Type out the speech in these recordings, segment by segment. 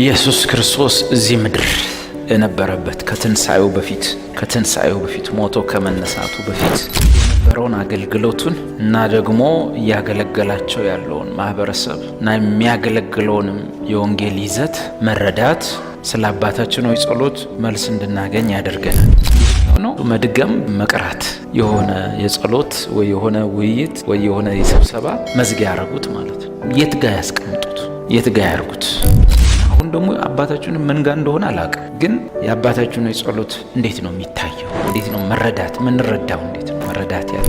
ኢየሱስ ክርስቶስ እዚህ ምድር የነበረበት ከትንሣኤው በፊት ከትንሣኤው በፊት ሞቶ ከመነሳቱ በፊት የነበረውን አገልግሎቱን እና ደግሞ እያገለገላቸው ያለውን ማህበረሰብ እና የሚያገለግለውንም የወንጌል ይዘት መረዳት ስለ አባታችን ሆይ ጸሎት መልስ እንድናገኝ ያደርገናል። ነው መድገም መቅራት የሆነ የጸሎት ወይ የሆነ ውይይት ወይ የሆነ የስብሰባ መዝጊያ ያደረጉት ማለት ነው። የት ጋ ያስቀምጡት? የት ጋ ያርጉት? ደግሞ አባታችን መንጋ እንደሆነ አላውቅም፣ ግን የአባታችሁን የጸሎት እንዴት ነው የሚታየው? እንዴት ነው መረዳት ምንረዳው? እንዴት ነው መረዳት ያለ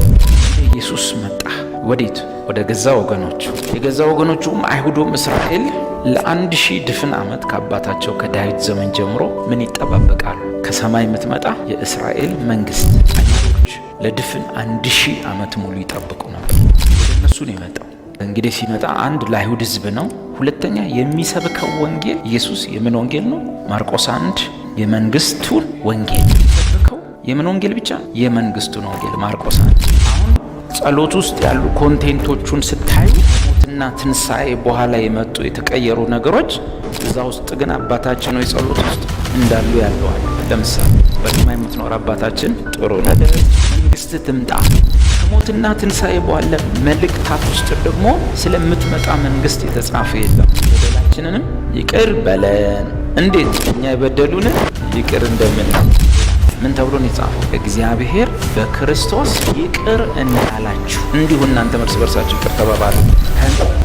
ኢየሱስ መጣ ወዴት? ወደ ገዛ ወገኖቹ። የገዛ ወገኖቹም አይሁዶም እስራኤል ለአንድ ሺህ ድፍን ዓመት ከአባታቸው ከዳዊት ዘመን ጀምሮ ምን ይጠባበቃሉ? ከሰማይ የምትመጣ የእስራኤል መንግስት። አይሁዶች ለድፍን አንድ ሺህ ዓመት ሙሉ ይጠብቁ ነበር። ወደ እነሱ ነው የመጣው። እንግዲህ ሲመጣ አንድ ለአይሁድ ህዝብ ነው ሁለተኛ የሚሰብከው ወንጌል ኢየሱስ የምን ወንጌል ነው? ማርቆስ አንድ የመንግስቱን ወንጌል የሚሰብከው የምን ወንጌል ብቻ? የመንግስቱን ወንጌል ማርቆስ አንድ። አሁን ጸሎት ውስጥ ያሉ ኮንቴንቶቹን ስታይ ሞትና ትንሣኤ በኋላ የመጡ የተቀየሩ ነገሮች እዛ ውስጥ ግን አባታችን ሆይ ጸሎት ውስጥ እንዳሉ ያለዋል። ለምሳሌ በሰማይ የምትኖር አባታችን ጥሩ ነገር መንግስት ትምጣ ከሞትና ትንሣኤ በኋላ መልእክታት ውስጥ ደግሞ ስለምትመጣ መንግስት የተጻፈ የለም። በደላችንንም ይቅር በለን እንዴት እኛ የበደሉን ይቅር እንደምንል ምን ተብሎ ነው የጻፈው? እግዚአብሔር በክርስቶስ ይቅር እንዳላችሁ እንዲሁ እናንተ እርስ በርሳችሁ ይቅር ተባባሉ።